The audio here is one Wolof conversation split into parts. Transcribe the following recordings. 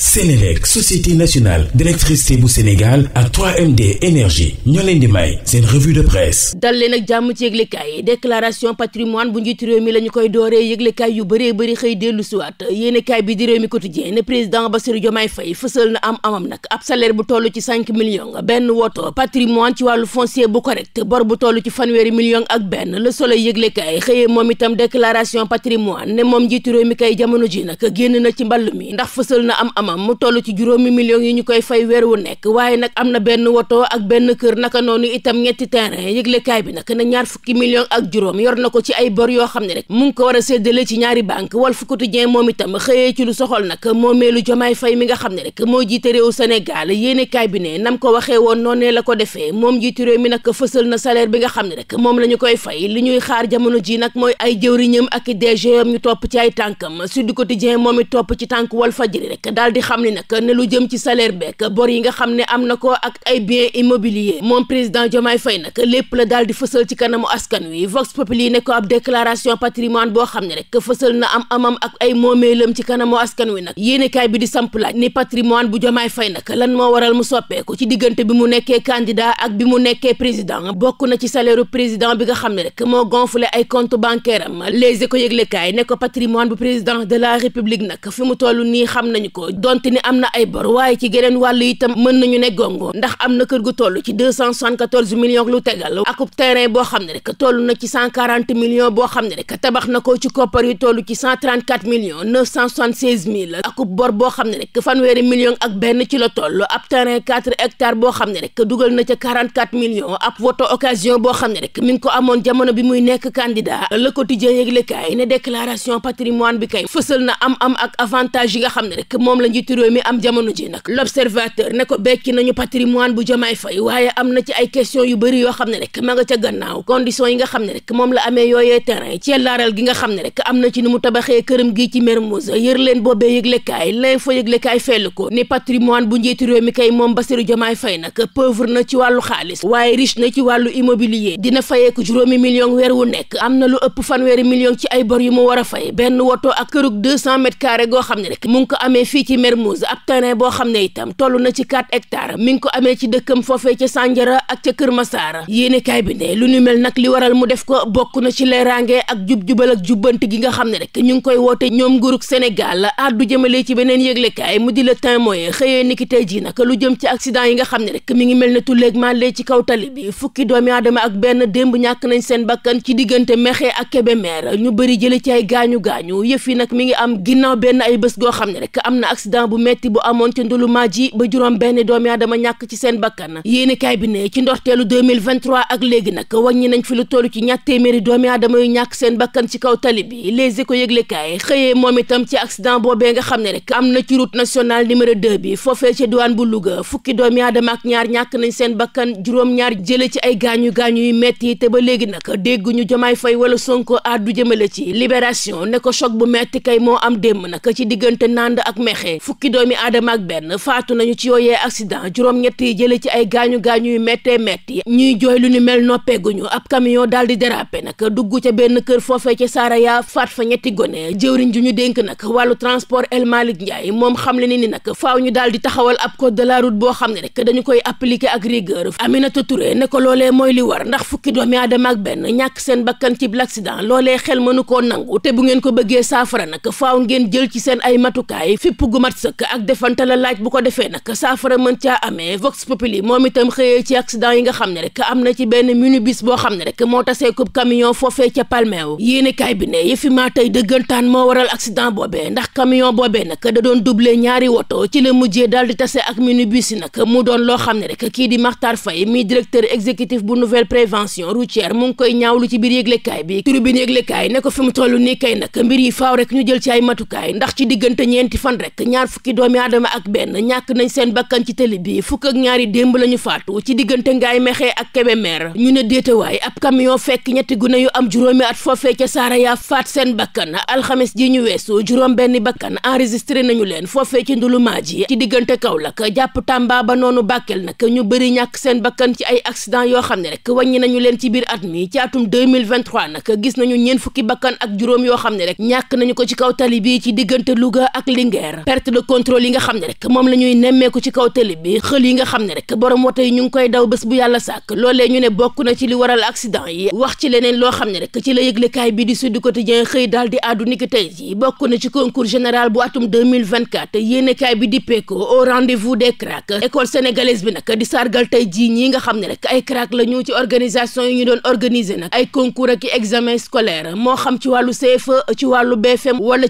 Sénélec société nationale d'électricité bu Sénégal ak 3MD énergie ñoo leen di may seen revue de presse dal ak jàmm ci yëglekaay déclaration patrimoine bu njiitu réew mi la ñu koy dooree yëglekaay yu bëree bëri xëy dellu siwaat yéenekaay bi di réew mi quotidien ne président Bassirou Diomaye Faye fësal na am amam nag ab salaire bu toll ci 5 millions benn woto patrimoine ci wàllu foncier bu correct bor bu toll ci fanweeri million ak benn le soleil yëglekaay xëyee moom itam déclaration patrimoine ne moom njiitu réew mi kay jamono ji nag génn na ci mbàll mi ndax fësal na am amam am mu toll ci juróomi millions yi ñu koy fay weer wu nekk waaye nag am na benn woto ak benn kër naka noonu itam ñetti terrain yëglekaay bi nag na ñaar fukki millions ak juróom yor na ko ci ay bor yoo xam ne mu ngi ko war a séddale ci ñaari banque Walf Quotidien moom itam xëyee ci lu soxol nag moomeelu jomaay fay mi nga xam ne rek moo jiite réew Sénégal yéenekaay bi ne nam ko waxee woon noonee la ko defee moom jiite réew mi nag fësal na salaire bi nga xam ne rek moom lañu koy fay li ñuy xaar jamono ji nag mooy ay jëwriñam ak DG am ñu topp ci ay tànkam Sud Quotidien moom it topp ci tànk Walfadjri rek di xam ne nag ne lu jëm ci salaire beeg bor yi nga xam ne am na ko ak ay bien immobilier moom président Diomaye fay nag lépp la daal di fësal ci kanamu askan wi Vox Populi ne ko ab déclaration patrimoine boo xam ne rek fësal na am amam ak ay moomeelam ci kanamu askan wi nag yéenekaay bi di samp laaj ni patrimoine bu jomaay fay nag lan moo waral mu soppeeku ci diggante bi mu nekkee candidat ak bi mu nekkee président bokk na ci salaire président bi xam ne rek moo gonflé ay compte bancaire am les éco yëglekaay ne ko patrimoine bu président de la république nag fi xam dont ni am na ay bor waaye ci geneen wàll itam mën nañu ne gongo ndax am na kër gu toll ci deux cent soixante-quatorze millions lu tegal akub terrain boo xam ne rek toll na ci cent quarante millions boo xam ne rek tabax na ko ci koppar yu toll ci cent trente-quatre millions neuf cent soixante-seize mille akub boo xam ne rek fanweeri millions ak benn ci la toll ab terrain quatre ectare boo xam ne rek dugal na ca quarante-quatre millions ab woto occasion boo xam ne rek mi ngi ko amoon jamono bi muy nekk candidat Le Quotidien yëglekaay ne déclaration patrimoine bi kay fësal na am am ak avantage yi nga xam ne rek moom la njiitu réew mi am jamono ji nag l'observateur ne ko bekki nañu patrimoine bu Diomaye Faye waaye am na ci ay question yu bëri yoo xam ne rek ma nga ca gannaaw yi nga xam ne rek moom la amee yooyee terrain ci laaral gi nga xam ne rek am na ci nu mu tabaxee këram gi ci Mermoz yër leen boobee yëglekaay l'info yëglekaay fellu ko ni patrimoine bu njiitu réew mi kay moom Bassirou Diomaye Faye nag na ci wàllu xaalis waaye riche na ci wàllu immobilier dina fayeeku juróomi million weer wu nekk am na lu ëpp fanweeri million ci ay bor yu mu war a fay benn woto ak kërug deux cent goo xam ne rek mu ko amee fii ci Mermoz ab terrain boo xam ne itam toll na ci 4 ectare mi ngi ko amee ci dëkkam foofee ca Sandiara ak ca Kër masaara yéenekaay bi ne lu nu mel nag li waral mu def ko bokk na ci leeraange ak jub-jubal ak jubbant gi nga xam ne rek ñu ngi koy woote ñoom nguurug Sénégal addu jëmale ci beneen yëglekaay mu di le temps moyen xëyee ki tey ji nag lu jëm ci accident yi nga xam ne rek mi ngi mel ne tulleeg màllee ci kaw tali bi fukki doom aadama ak benn démb ñàkk nañ seen bakkan ci diggante Mexe ak Kébémer ñu bëri jële ci ay gaañu gaañu yëf yi nag mi ngi am ginnaaw benn ay bés goo xam ne rek am accident bu metti bu amoon ca nduluma ji ba juróom benn yaa dama ñàkk ci seen bakkan yéenekaay bi ne ci ndorteelu 2023 ak léegi nag wàññi nañ fi lu tollu ci ñatt téeméeri doom aadama yu ñàkk seen bakkan ci kaw tali bi Les Échos yëglekaay xëyee moom itam ci accident boobee nga xam ne rek am na ci route nationale numéro 2 bi foofee ca diwaan bu luga fukki doomi aadama ak ñaar ñàkk nañ seen bakkan juróom-ñaar jële ci ay gaañu gaañu yu metti te ba léegi nag dégguñu Jomaay Fay wala Sonko àddu jëmale ci Libération ne ko choc bu metti kay moo am démb nag ci diggante Ndande ak Mexe fukki doomi aadama ak benn faatu nañu ci yooyee accident juróom-ñett yi jële ci ay gaañu-gaañu yu méttee métti ñuy jooy lu ñu mel noppeeguñu ab camion daal di dérapé nag dugg ca benn kër foofee ca Saraya faat fa ñetti gone jëwriñ ju ñu dénk nag wàllu transport El Malick Ndiaye moom xam le ni ni nag faaw ñu daal di taxawal ab code de la route boo xam ne rek dañu koy appliquer ak rigueur Aminata Touré ne ko loolee mooy li war ndax fukki doomi aadama ak benn ñàkk seen bakkan ci l'accident loolee xel mënu koo nangu te bu ngeen ko bëggee saafara nag faaw ngeen jël ci seen ay matukaay mat sëkk ak defante la laaj bu ko defee nag saafara mën ca amee vox populi moom itam xëyee ci accident yi nga xam ne rek am na ci benn minibus boo xam ne rek moo tasee ko camion foofee ca Palmeu yéene bi ne yëfi maa tey dëggantaan moo waral accident boobee ndax camion boobee nag da doon doublé ñaari woto ci la mujjee daal di tase ak minibus yi nag mu doon loo xam ne rek kii di Makhtar Faye mi directeur exécutif bu nouvelle prévention routière mu ngi koy ñaawlu ci biir yëglekaay bi turu bi yëglekaay ko fi mu toll nii kay nag mbir yi faaw rek ñu jël ci ay matukaay ndax ci diggante ñeenti fan rek ñaar fukki doom doomi dama ak benn ñàkk nañ seen bakkan ci tali bi fukk ak ñaari démb lañu ñu faatu ci diggante ngaay mexe ak Kébémer ñu ne déetawaay ab camion fekk ñetti gune yu am juróomi at foofee ca Saraya faat seen bakkan alxames ji ñu weesu juróom benn bakkan enregistré nañu leen foofee ci ji ci diggante Kaolack jàpp Tamba ba noonu Bakel nag ñu bëri ñàkk seen bakkan ci ay accident yoo xam ne rek wàññi nañu leen ci biir at mi ci atum 2023 nag gis nañu ñeen fukki bakkan ak juróom yoo xam ne rek ñàkk nañu ko ci kaw tali ci diggante Louga ak Linguère acte de contrôle yi nga xam ne rek moom la ñuy nemmeeku ci kaw télé bi xël yi nga xam ne rek borom woto yi ñu ngi koy daw bés bu yàlla sàkk loolee ñu ne bokk na ci li waral accident yi bokk na ci concours général bu atum yéenekaay bi di Peko au rendez-vous des école sénégalaise bi nag di sargal tey jii ñii nga xam ne rek ay crack la ci organisation yi ñu doon organiser nag ay concours ak examen scolaire moo xam ci wàllu CFE ci wàllu BFM wala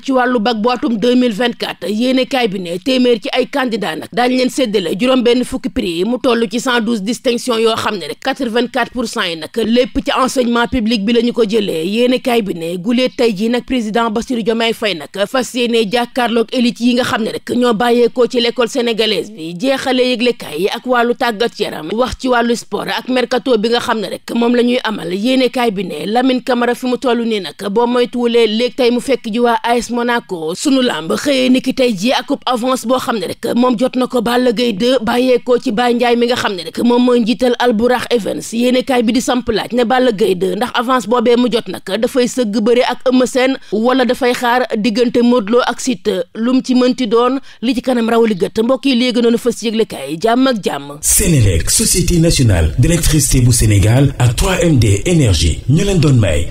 yéenekaay bi ne téeméer ci ay candidat nag daañ leen séddale juróom benn fukki prix yi mu toll ci 112 distinction yoo xam ne rek yi nag lépp ci enseignement public bi la ñu ko jëlee yéenekaay bi ne gulee tey jii nag président Bassirou Diomaye Faye nag fas yéene jàkkaarloog élite yi nga xam ne rek ñoo bàyyeekoo ci l'école sénégalaise bi jeexale yëglekaay yi ak wàllu tàggat yaram wax ci wàllu sport ak mercato bi nga xam ne rek moom la ñuy amal yéenekaay bi ne Lamine Camara fi mu toll nii nag boo moytuwulee léeg tey mu fekk ji waa AS Monaco sunu làmb xëyee ji akub avance boo xam ne rek moom jot na ko Balla Gaye 2 bàyyeekoo ci Baye njaay mi nga xam ne rek moom mooy njiital Alburax Events yéenekaay bi di samp laaj ne Balla Gaye 2 ndax avance boobee mu jot nag dafay sëgg bëre ak Eumeu Sène wala dafay xaar diggante Modou Lo ak Siteu lu mu ci mënti doon li ci kanam raw li gët mbokk yi léegi noonu fës yëglekaay jàmm ak jàmm. Sénélec société nationale d'électricité bu Sénégal ak 3MD énergie ñu leen doon may